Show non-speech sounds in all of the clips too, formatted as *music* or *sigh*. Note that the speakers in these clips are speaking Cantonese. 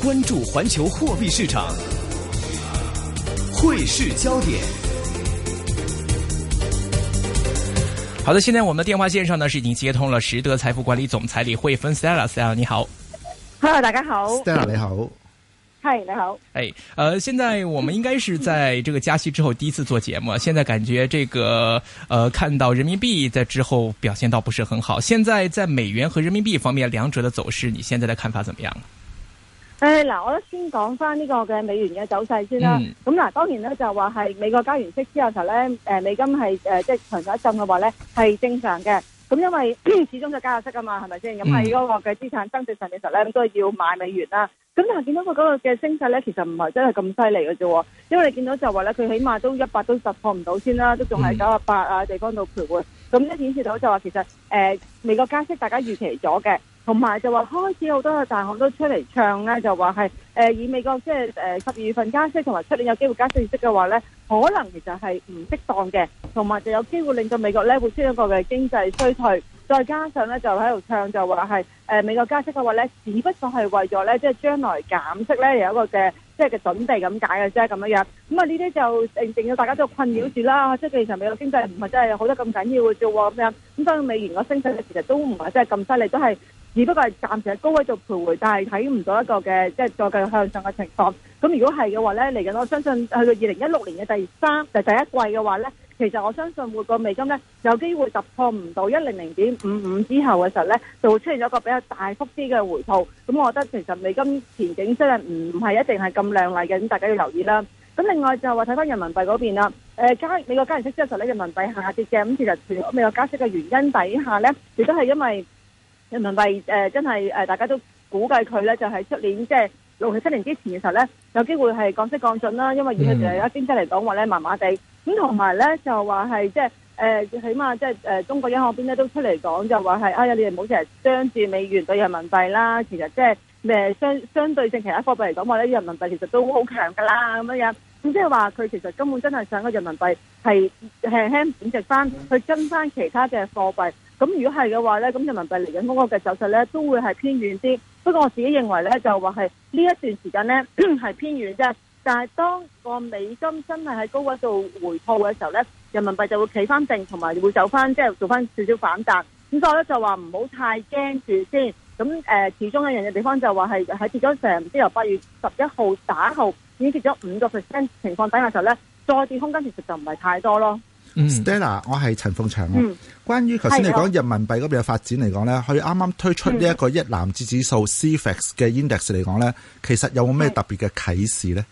關注環球貨幣市場匯市焦點。好的，現在我們的電話線上呢是已經接通了實德財富管理總裁李慧芬 Stella，你好。Hello，大家好。Stella 你好。嗨，你好。哎、hey，呃，現在我們應該是在這個加息之後第一次做節目， *laughs* 現在感覺這個呃，看到人民幣在之後表現倒不是很好。現在在美元和人民幣方面兩者的走勢，你現在的看法怎麼樣？誒、嗯，嗱、嗯，我咧先講翻呢個嘅美元嘅走勢先啦。咁嗱，當然咧就話係美國加完息之後頭咧，誒，美金係誒即係長咗一陣嘅話咧，係正常嘅。咁因為始終就加入息噶嘛，係咪先？咁喺嗰個嘅資產增值上時候咧，都係要買美元啦。咁但係見到佢嗰個嘅升勢咧，其實唔係真係咁犀利嘅啫。因為你見到就話咧，佢起碼都一百都突破唔到先啦，都仲係九啊八啊地方度徘徊。咁即係顯示到就話其實，誒，美國加息大家預期咗嘅。同埋就話開始好多嘅大行都出嚟唱咧，就話係誒以美國即係誒十二月份加息同埋出年有機會加四息嘅話咧，可能其實係唔適當嘅，同埋就有機會令到美國咧會有一個嘅經濟衰退。再加上咧就喺度唱就話係誒美國加息嘅話咧，只不過係為咗咧即係將來減息咧有一個嘅。即係嘅準備咁解嘅啫，咁樣樣，咁啊呢啲就誒，淨要大家都困擾住啦。即係其實美國經濟唔係真係好得咁緊要嘅啫喎，咁樣，咁所以美元嘅升勢其實都唔係真係咁犀利，都係只不過係暫時喺高位度徘徊，但係睇唔到一個嘅即係再繼續向上嘅情況。咁如果係嘅話咧嚟緊，我相信去到二零一六年嘅第三就第一季嘅話咧。其實我相信每個美金咧有機會突破唔到一零零點五五之後嘅時候咧，就會出現咗一個比較大幅啲嘅回吐。咁我覺得其實美金前景真係唔唔係一定係咁亮麗嘅，咁大家要留意啦。咁另外就係話睇返人民幣嗰邊啦。誒加美國加息之後咧，人民幣下跌嘅。咁其實全美國加息嘅原因底下咧，亦都係因為人民幣誒真係誒大家都估計佢咧就喺出年即係六七年之前嘅時候咧，有機會係降息降準啦，因為而家經濟嚟講話咧麻麻地。咁同埋咧，就話係即係誒，起碼即係誒，中國央行邊咧都出嚟講，就話係啊，你哋唔好成日將住美元對人民幣啦。其實即係誒，相相對性，其他貨幣嚟講話咧，人民幣其實都好強噶啦咁樣。咁即係話佢其實根本真係想個人民幣係輕輕貶值翻，去跟翻其他嘅貨幣。咁如果係嘅話咧，咁人民幣嚟緊嗰個嘅走勢咧，都會係偏遠啲。不過我自己認為咧，就話係呢一段時間咧係偏遠啫。但係當個美金真係喺高位度回吐嘅時候咧，人民幣就會企翻正，同埋會走翻，即係做翻少少反彈。咁所以呢，我咧就話唔好太驚住先。咁、呃、誒，始終一樣嘅地方就話係喺跌咗成，即係由八月十一號打後已經跌咗五個 percent 情況底下嘅時候咧，再跌空間其實就唔係太多咯。Mm. Stella，我係陳鳳祥啊。嗯、mm.。關於頭先你講人民幣嗰邊嘅發展嚟講咧，佢啱啱推出呢一個一籃子指數 CFAX 嘅 index 嚟講咧，mm. 其實有冇咩特別嘅啟示咧？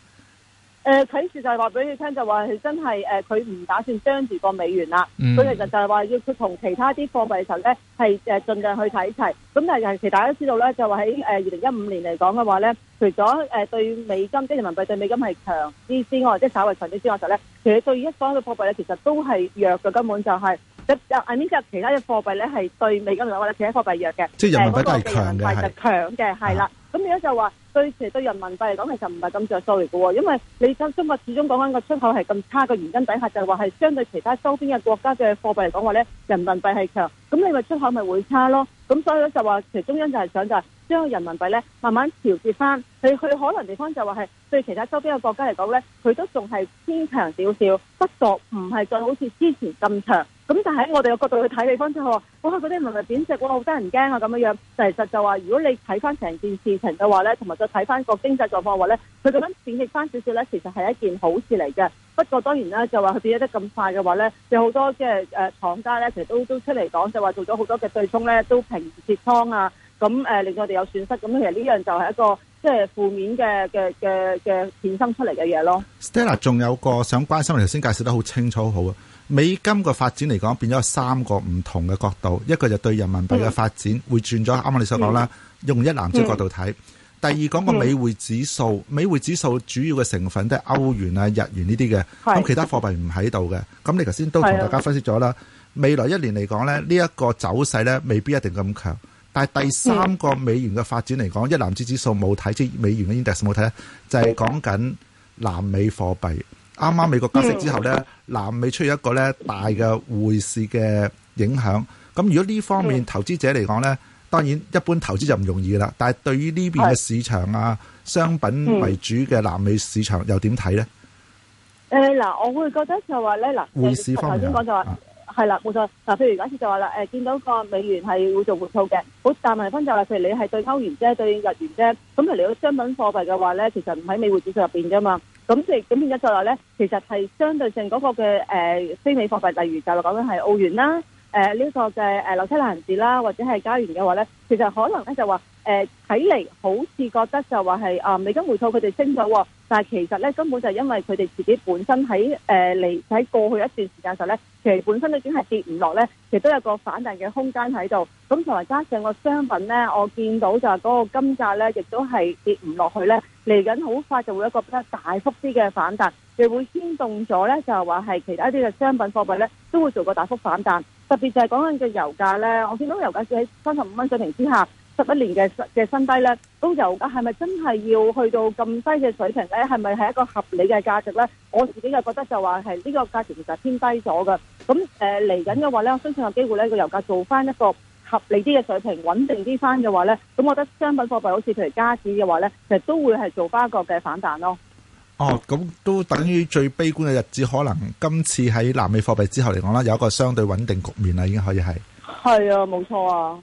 誒啟示就係話俾你聽，就話佢真係誒佢唔打算將住個美元啦。佢其實就係話要佢同其他啲貨幣嘅時候咧係誒盡量去睇齊。咁但係，其實大家都知道咧，就、呃、2015話喺誒二零一五年嚟講嘅話咧，除咗誒、呃、對美金即係人民幣對美金係強啲之外，即係稍微強啲之外實咧，其實對一幫嘅貨幣咧其實都係弱嘅，根本就係一阿米加其他嘅貨幣咧係對美金或者其他貨幣弱嘅，即係人民幣係強嘅係、呃、強嘅係啦。咁而家就話對其實對人民幣嚟講，其實唔係咁着數嚟嘅喎，因為你中中國始終講緊個出口係咁差嘅原因底下，就係話係相對其他周邊嘅國家嘅貨幣嚟講話咧，人民幣係強，咁你咪出口咪會差咯。咁所以咧就話，其實中央就係想就係將人民幣咧慢慢調節翻，佢去可能地方就話係對其他周邊嘅國家嚟講咧，佢都仲係偏強少少，不過唔係再好似之前咁強。咁但喺我哋嘅角度去睇地方，之後，哇嗰啲人民幣貶值，哇好得人驚啊咁樣樣。但係實就話，如果你睇翻成件事情嘅話咧，同埋再睇翻個經濟狀況話咧，佢咁樣貶值翻少少咧，其實係一件好事嚟嘅。不過當然啦，就話佢貶值得咁快嘅話咧，有好多即係誒廠家咧，其實都都出嚟講，就話做咗好多嘅對沖咧，都平跌倉啊。咁誒、呃、令我哋有損失。咁其實呢樣就係一個即係負面嘅嘅嘅嘅衍生出嚟嘅嘢咯。Stella 仲有個想關心，頭先介紹得好清楚，好啊。美金嘅發展嚟講，變咗三個唔同嘅角度。一個就是對人民幣嘅發展、嗯、會轉咗，啱啱你所講啦，用一籃子角度睇、嗯。第二講個美匯指數，嗯、美匯指數主要嘅成分都係歐元啊、日元呢啲嘅，咁其他貨幣唔喺度嘅。咁你頭先都同大家分析咗啦。未來一年嚟講呢，呢、這、一個走勢呢未必一定咁強。但係第三個美元嘅發展嚟講，一籃子指數冇睇即美元嘅 index 冇睇，就係、是、講緊南美貨幣。啱啱美國加息之後咧，南美出現一個咧大嘅匯市嘅影響。咁如果呢方面投資者嚟講咧，當然一般投資就唔容易啦。但係對於呢邊嘅市場啊，商品為主嘅南美市場又點睇咧？誒、嗯、嗱、嗯嗯，我會覺得就係話咧，嗱匯市方面頭先講就話係啦，冇、啊、錯嗱。譬如假設就話啦，誒見到個美元係會做活套嘅，好但係分就啦。譬如你係對歐元啫，對日元啫，咁譬如你個商品貨幣嘅話咧，其實唔喺美匯指數入邊嘅嘛。咁即係咁變咗再話咧，其實係相對性嗰個嘅誒非美貨幣，例如就係講緊係澳元啦。誒呢個嘅誒紐西蘭紙啦，或者係加元嘅話咧，其實可能咧就話誒睇嚟好似覺得就話係啊美金回吐佢哋升咗，但係其實咧根本就因為佢哋自己本身喺誒嚟喺過去一段時間時候咧，其實本身都已經係跌唔落咧，其實都有個反彈嘅空間喺度。咁同埋加上個商品咧，我見到就係嗰個金價咧，亦都係跌唔落去咧，嚟緊好快就會一個比較大幅啲嘅反彈。就會牽動咗咧，就係話係其他一啲嘅商品貨幣咧，都會做個大幅反彈。特別就係講緊嘅油價咧，我見到油價喺三十五蚊水平之下，十一年嘅嘅新低咧，咁油價係咪真係要去到咁低嘅水平咧？係咪係一個合理嘅價值咧？我自己就覺得就話係呢個價錢其實偏低咗嘅。咁誒嚟緊嘅話咧，我相信有機會咧，個油價做翻一個合理啲嘅水平，穩定啲翻嘅話咧，咁我覺得商品貨幣好似譬如加紙嘅話咧，其實都會係做翻一個嘅反彈咯。哦，咁都等於最悲觀嘅日子，可能今次喺南美貨幣之後嚟講啦，有一個相對穩定局面啦，已經可以係。係啊，冇錯啊。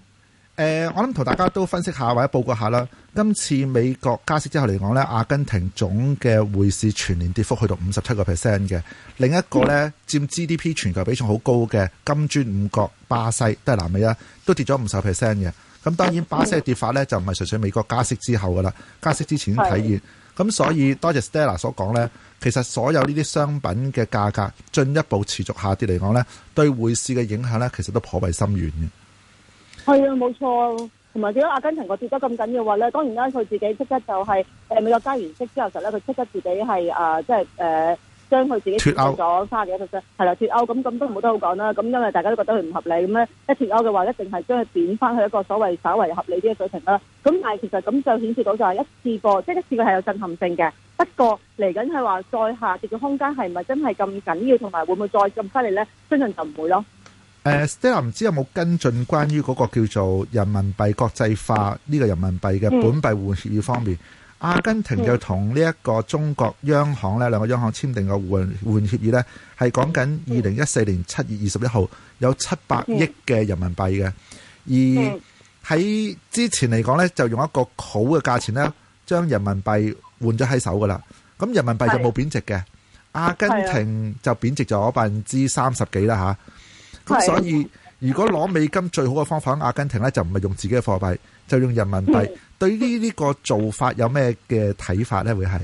誒、呃，我諗同大家都分析下或者報告下啦。今次美國加息之後嚟講呢，阿根廷總嘅匯市全年跌幅去到五十七個 percent 嘅。另一個呢，佔、嗯、GDP 全球比重好高嘅金磚五國巴西都係南美啊，都跌咗五十 percent 嘅。咁當然巴西嘅跌法咧就唔係純粹美國加息之後㗎啦，加息之前已經體現。咁所以多謝，謝 Stella 所講咧，其實所有呢啲商品嘅價格進一步持續下跌嚟講咧，對匯市嘅影響咧其實都頗為深遠嘅。係啊，冇錯。同埋點解阿根廷個跌得咁緊嘅話咧？當然啦，佢自己即刻就係、誒、美國加完息之後就咧，佢即刻自己係啊、呃，即係誒。呃將佢自己脫歐咗三、四、幾 percent 係啦，脫歐咁咁都冇得好講啦。咁因為大家都覺得佢唔合理，咁咧一脫歐嘅話，一定係將佢貶翻去一個所謂稍為合理啲嘅水平啦。咁但係其實咁就顯示到就係一次過，即係一次過係有震撼性嘅。不過嚟緊係話再下跌嘅空間係唔係真係咁緊要，同埋會唔會再咁犀利咧？相信就唔會咯。誒，Stella 唔知有冇跟進關於嗰個叫做人民幣國際化呢個人民幣嘅本幣互換協議方面？阿根廷就同呢一個中國央行呢，兩個央行簽訂嘅換換協議呢係講緊二零一四年七月二十一號有七百億嘅人民幣嘅，而喺之前嚟講呢就用一個好嘅價錢呢將人民幣換咗喺手㗎喇。咁人民幣就冇貶值嘅，阿根廷就貶值咗百分之三十幾喇，吓，咁所以。如果攞美金最好嘅方法阿根廷咧，就唔係用自己嘅貨幣，就用人民幣。對呢呢個做法有咩嘅睇法咧？會係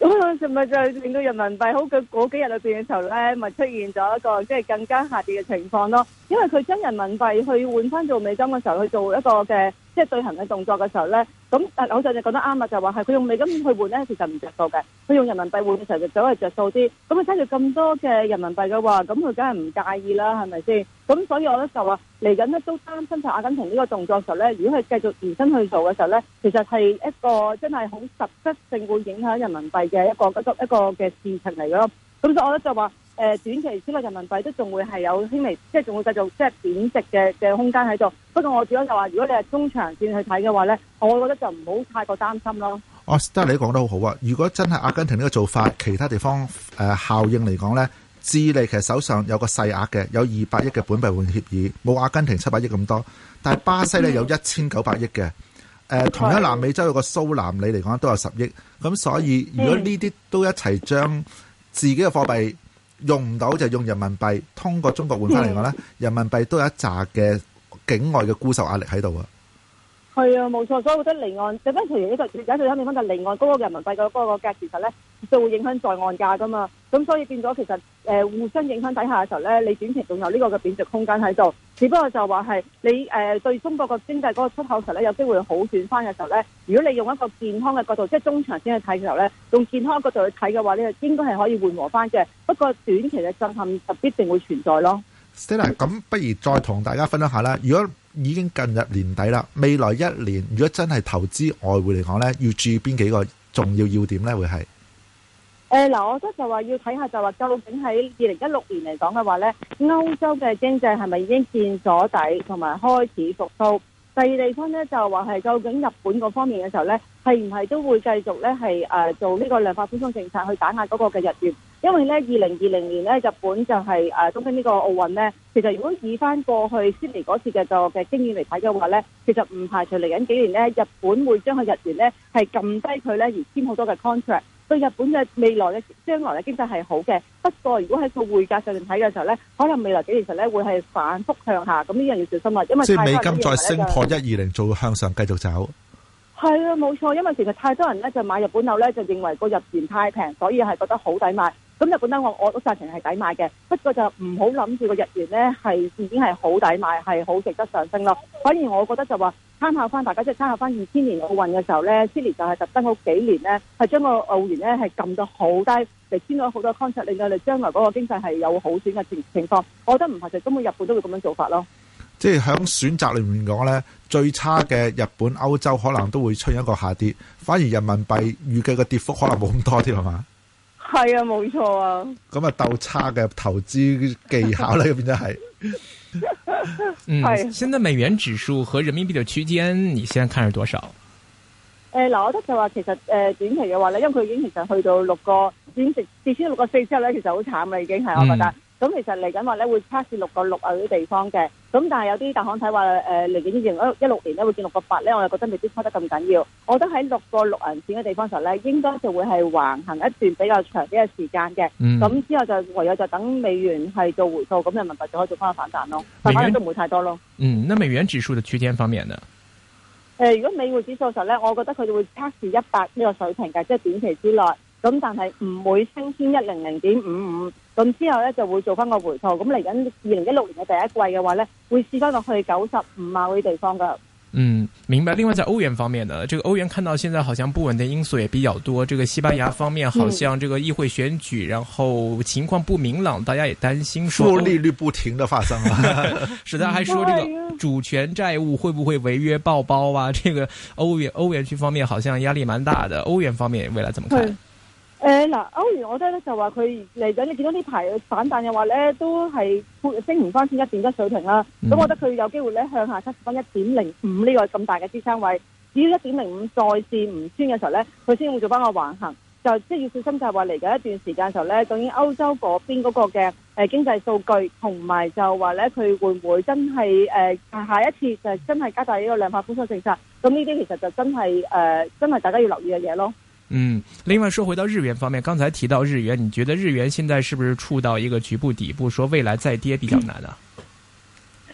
咁，就咪就令到人民幣好嘅嗰幾日裏邊嘅時候咧，咪出現咗一個即係更加下跌嘅情況咯？因為佢將人民幣去換翻做美金嘅時候，去做一個嘅。即係對行嘅動作嘅時候咧，咁但係好似你講得啱啊，就係話係佢用美金去換咧，其實唔著數嘅；佢用人民幣換嘅時候就早係著數啲。咁佢揸住咁多嘅人民幣嘅話，咁佢梗係唔介意啦，係咪先？咁所以我咧就話嚟緊咧都擔心就阿根廷呢個動作嘅時候咧，如果佢繼續延伸去做嘅時候咧，其實係一個真係好實質性會影響人民幣嘅一個一個一個嘅事情嚟咯。咁所以我咧就話。誒短期之內人民幣都仲會係有輕微，即係仲會繼續即係貶值嘅嘅空間喺度。不過，我主要就話，如果你係中長線去睇嘅話咧，我覺得就唔好太過擔心咯。哦，得你講得好好啊！如果真係阿根廷呢個做法，其他地方誒、呃、效應嚟講咧，智利其實手上有個細額嘅，有二百億嘅本幣換協議，冇阿根廷七百億咁多，但係巴西咧有一千九百億嘅。誒、嗯，同一南美洲有個蘇南里來，你嚟講都有十億咁，所以如果呢啲都一齊將自己嘅貨幣。用唔到就用人民幣，通過中國換翻嚟講咧，人民幣都有一紮嘅境外嘅沽售壓力喺度啊。係啊，冇錯，所以我覺得離岸，就因為譬如呢個最近最新地方就離岸嗰個人民幣嘅嗰個價，其實咧就會影響在岸價噶嘛。咁所以變咗其實。誒，互相影響底下嘅時候咧，你短期仲有呢個嘅貶值空間喺度，只不過就話係你誒對中國個經濟嗰個出口實咧有機會好轉翻嘅時候咧，如果你用一個健康嘅角度，即係中長線去睇嘅時候咧，用健康的角度去睇嘅話，呢個應該係可以緩和翻嘅。不過短期嘅震撼實必定會存在咯。Stella，咁不如再同大家分享一下啦。如果已經近日年底啦，未來一年如果真係投資外匯嚟講咧，要注意邊幾個重要要點咧？會係？誒，嗱，我覺得就話要睇下，就話究竟喺二零一六年嚟講嘅話咧，歐洲嘅經濟係咪已經見咗底，同埋開始復甦？第二地方咧就話係究竟日本嗰方面嘅時候咧，係唔係都會繼續咧係誒做呢個量化寬鬆政策去打壓嗰個嘅日元？因為咧二零二零年咧日本就係誒，東京呢個奧運咧，其實如果以翻過去悉尼嗰次嘅個嘅經驗嚟睇嘅話咧，其實唔排除嚟緊幾年咧，日本會將個日元咧係撳低佢咧而簽好多嘅 contract。對日本嘅未來嘅將來嘅經濟係好嘅，不過如果喺個匯價上面睇嘅時候咧，可能未來幾年其實咧會係反覆向下，咁呢樣的要小心啦。因為即係美金再升破一二零，就會向上繼續走。係啊，冇錯，因為其實太多人咧就買日本樓咧，就認為個日元太平，所以係覺得好抵買。咁日本樓我我都讚成係抵買嘅，不過就唔好諗住個日元咧係已經係好抵買，係好值得上升咯。反而我覺得就話。參考翻大家，即係參考翻二千年奧運嘅時候咧，千年就係特登好幾年咧，係將個澳元咧係撳咗好低，就簽咗好多 c o n 令到你將來嗰個經濟係有好轉嘅情情況。我覺得唔係就根本日本都會咁樣做法咯。即係喺選擇裡面講咧，最差嘅日本歐洲可能都會出現一個下跌，反而人民幣預計嘅跌幅可能冇咁多啲係嘛？係啊，冇錯啊。咁啊，鬥差嘅投資技巧咧， *laughs* 變咗係。 *laughs* 嗯，係， *laughs* 現在美元指數和人民幣的區間，你現在看是多少？誒，嗱，我覺得就話其實誒短期嘅話咧，因為佢已經其實去到六個短值跌穿六個四之後咧，其實好慘啦，啊，已經係，我覺得。嗯咁其實嚟緊話咧會測試六個六啊啲地方嘅，咁但係有啲大行睇話誒嚟緊二零一六年咧會見六個八咧，我又覺得未必拖得咁緊要。我覺得喺六個六銀線嘅地方時候咧，應該就會係橫行一段比較長啲嘅時間嘅。咁、嗯、之後就唯有就等美元係做回吐，咁樣人民幣就可以做翻個反彈咯。反元都唔會太多咯。嗯，那美元指數嘅區間方面呢？誒、呃，如果美匯指數嘅時候咧，我覺得佢會測試一百呢個水平嘅，即係短期之內。咁但係唔會升穿一零零點五五，咁之後咧就會做翻個回吐。咁嚟緊二零一六年嘅第一季嘅話咧，會試翻落去九十五啊呢地方噶。嗯，明白。另外在歐元方面呢，這個歐元看到現在好像不穩定因素也比較多。這個西班牙方面好像這個議會選舉，然後情況不明朗，大家也擔心說利率不停的發生，是。大家還說這個主權債務會不會違約爆煲啊。這個歐元歐元區方面好像壓力蠻大的。的歐元方面未來怎麼看？誒，嗱，歐元我覺得呢就話佢嚟緊，你見到呢排反彈嘅話咧，都係升唔翻先一點一水平啦。咁、嗯、我覺得佢有機會咧向下測試翻一點零五呢個咁大嘅支撐位。只要一點零五再試唔穿嘅時候咧，佢先會做翻個橫行。就即係、就是、要小心，就係話嚟緊一段時間嘅時候咧，究竟歐洲嗰邊嗰個嘅誒、呃、經濟數據同埋就話咧，佢會唔會真係誒、呃、下一次就真係加大呢個量化寬鬆政策？咁呢啲其實就真係誒、呃，真係大家要留意嘅嘢咯。嗯，另外說回到日元方面，剛才提到日元，你覺得日元現在是不是觸到一個局部底部，說未來再跌比較難啊？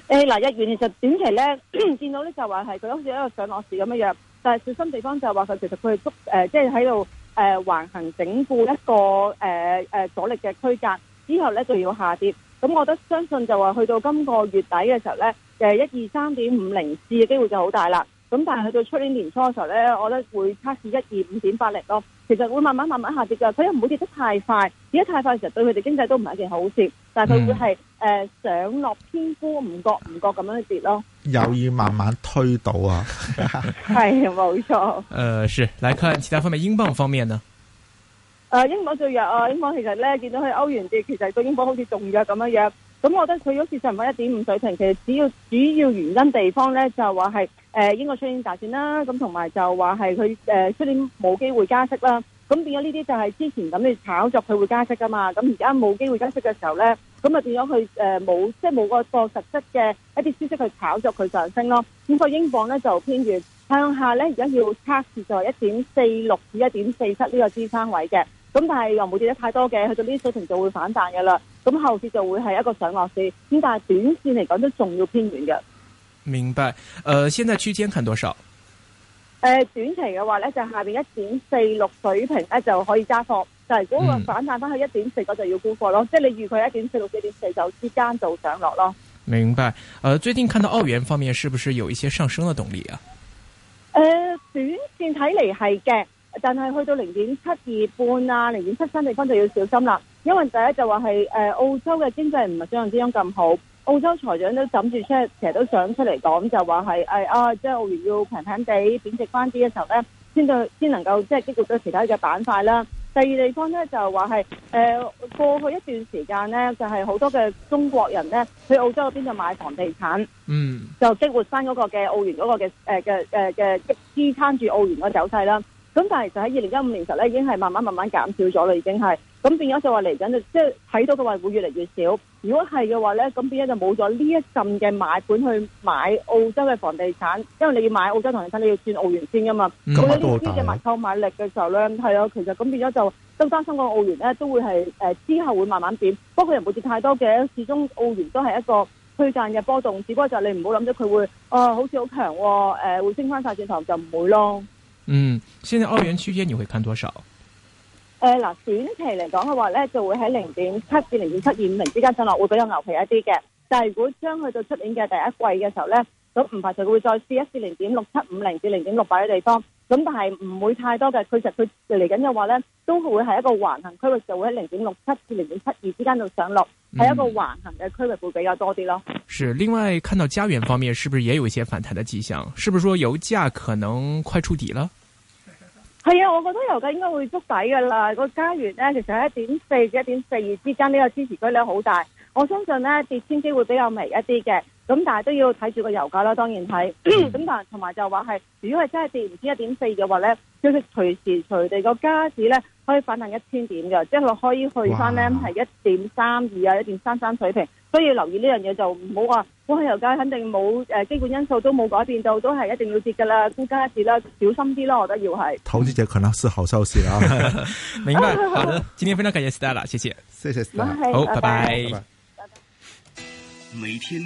嗯、誒，嗱、呃，日元其實短期咧見到咧就話係佢好似一個上落市咁樣，但係小心地方就係話佢其實佢係捉誒，即係喺度誒橫行整固一個誒誒、呃呃、阻力嘅區間，之後咧就要下跌。咁我覺得相信就話去到今個月底嘅時候咧，誒一二三點五零四嘅機會就好大啦。咁、嗯、但係去到出年年初嘅時候咧，我覺得會測試一二五點八零咯。其實會慢慢慢慢下跌嘅，佢又唔會跌得太快。跌得太快其實對對佢哋經濟都唔係一件好事。但係佢會係誒、嗯呃、上落偏枯，唔覺唔覺咁樣去跌咯。又要慢慢推倒啊，係冇錯。誒、呃，是來看其他方面，英鎊方面呢？誒、呃，英鎊最弱啊，英鎊其實咧見到佢歐元跌，其實對英鎊好似仲弱咁樣樣。咁我覺得佢好似就唔翻一點五水平。其實主要主要原因地方咧就話係。誒，英國出年大選啦，咁同埋就話係佢誒出年冇機會加息啦，咁變咗呢啲就係之前咁你炒作佢會加息噶嘛，咁而家冇機會加息嘅時候咧，咁啊變咗佢誒冇即係冇個個實質嘅一啲消息去炒作佢上升咯，咁個英鎊咧就偏軟向下咧，而家要測試在一點四六至一點四七呢個支撐位嘅，咁但係又冇跌得太多嘅，去到呢啲水平就會反彈噶啦，咁後市就會係一個上落市，咁但係短線嚟講都仲要偏軟嘅。明白，誒、呃，現在區間看多少？誒、呃，短期嘅話咧就是，下邊一點四六水平咧就可以加貨，但係如果反彈翻去一點四九，我就要沽貨咯。嗯、即係你預佢一點四六、一點四九之間就上落咯。明白，誒、呃，最近看到澳元方面，是不是有一些上升嘅動力啊？誒、呃，短線睇嚟係嘅，但係去到零點七二半啊，零點七三地方就要小心啦。因為第一就話係誒，澳洲嘅經濟唔係想象之中咁好。澳洲財長都諗住出，成日都想出嚟講，就話係誒啊，即係澳元要平平地貶值翻啲嘅時候咧，先到先能夠即係激活到其他嘅板塊啦。第二地方咧就話係誒，過去一段時間咧，就係、是、好多嘅中國人咧去澳洲嗰邊度買房地產，嗯，就激活翻嗰個嘅澳元嗰、那個嘅誒嘅誒嘅支撐住澳元嘅走勢啦。咁但係就喺二零一五年時候咧，已經係慢慢慢慢減少咗啦，已經係。咁變咗就話嚟緊，即係睇到嘅話會越嚟越少。如果係嘅話咧，咁變咗就冇咗呢一陣嘅買盤去買澳洲嘅房地產，因為你要買澳洲房地產，你要轉澳元先噶嘛。咁多嘅買購買力嘅時候咧，係啊，其實咁變咗就都擔心個澳元咧，都會係誒之後會慢慢跌。不過又唔會跌太多嘅，始終澳元都係一個區間嘅波動，只不過就你唔好諗咗佢會哦，好似好強誒，會升翻晒轉頭就唔會咯。嗯，現在澳元區間你會看多少？誒，嗱，短期嚟講嘅話咧，就會喺零點七至零點七二五零之間上落，會比較牛皮一啲嘅。但係如果將去到出年嘅第一季嘅時候咧，咁唔排除會再試一試零點六七五零至零點六八嘅地方。咁但係唔會太多嘅，其實佢嚟緊嘅話咧，都會係一個橫行區域，就會喺零點六七至零點七二之間度上落，係、嗯、一個橫行嘅區域會比較多啲咯。是另外，看到家園方面，是不是也有一些反彈嘅跡象？是不是說油價可能快觸底了？係啊，我覺得油價應該會捉底噶啦。個加元咧，其實喺一點四至一點四二之間，呢個支持區量好大。我相信咧，跌穿機會比較微一啲嘅。咁但係都要睇住個油價啦。當然係咁，但係同埋就話係，如果係真係跌唔止一點四嘅話咧，消息隨時隨地個加指咧可以反彈一千點嘅，即係可以去翻咧係一點三二啊，一點三三水平。所以要留意呢樣嘢就唔好話，波氣油價肯定冇誒、呃，基本因素都冇改變到，都係一定要跌噶啦，估加一跌啦，小心啲咯，我覺得要係。投資者可能是好消息啦， *laughs* *laughs* 明白、哦好哦，好的，今天非常感謝 Stella，謝謝，謝謝 Stella，、嗯、好拜拜拜拜拜拜，拜拜，拜拜，每天。